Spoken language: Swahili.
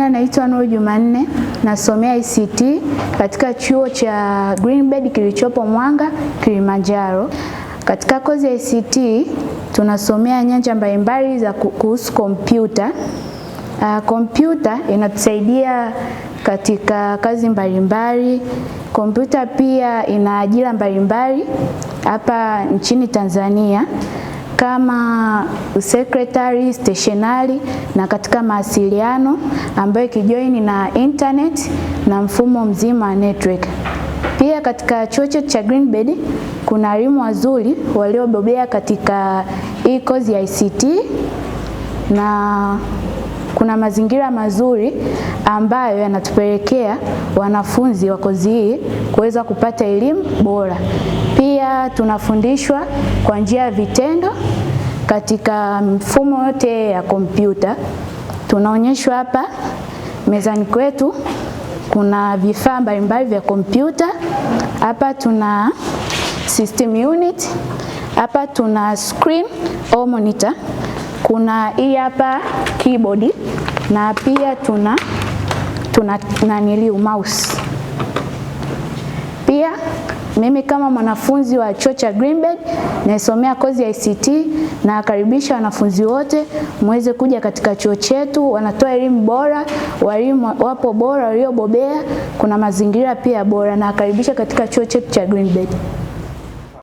Naitwa Nuru Jumanne, nasomea ICT katika chuo cha Greenbed kilichopo Mwanga, Kilimanjaro. Katika kozi ya ICT tunasomea nyanja mbalimbali za kuhusu kompyuta. Ah, kompyuta inatusaidia katika kazi mbalimbali. Kompyuta pia ina ajira mbalimbali hapa nchini Tanzania kama secretary, stationery na katika mawasiliano ambayo ikijoini na internet na mfumo mzima wa network. Pia katika chuo chetu cha Greenbed kuna walimu wazuri waliobobea katika hii kozi ya ICT na kuna mazingira mazuri ambayo yanatupelekea wanafunzi wa kozi hii kuweza kupata elimu bora. Pia tunafundishwa kwa njia ya vitendo katika mfumo yote ya kompyuta. Tunaonyeshwa hapa mezani kwetu kuna vifaa mbalimbali vya kompyuta. Hapa tuna system unit, hapa tuna screen au monitor, kuna hii hapa keyboard na pia tuna tuna nanili mouse. Mimi kama mwanafunzi wa chuo cha Greenberg naisomea kozi ya ICT na nakaribisha wanafunzi wote muweze kuja katika chuo chetu. Wanatoa elimu bora, walimu wapo bora waliobobea, kuna mazingira pia bora, na katika chuo chetu cha Greenberg.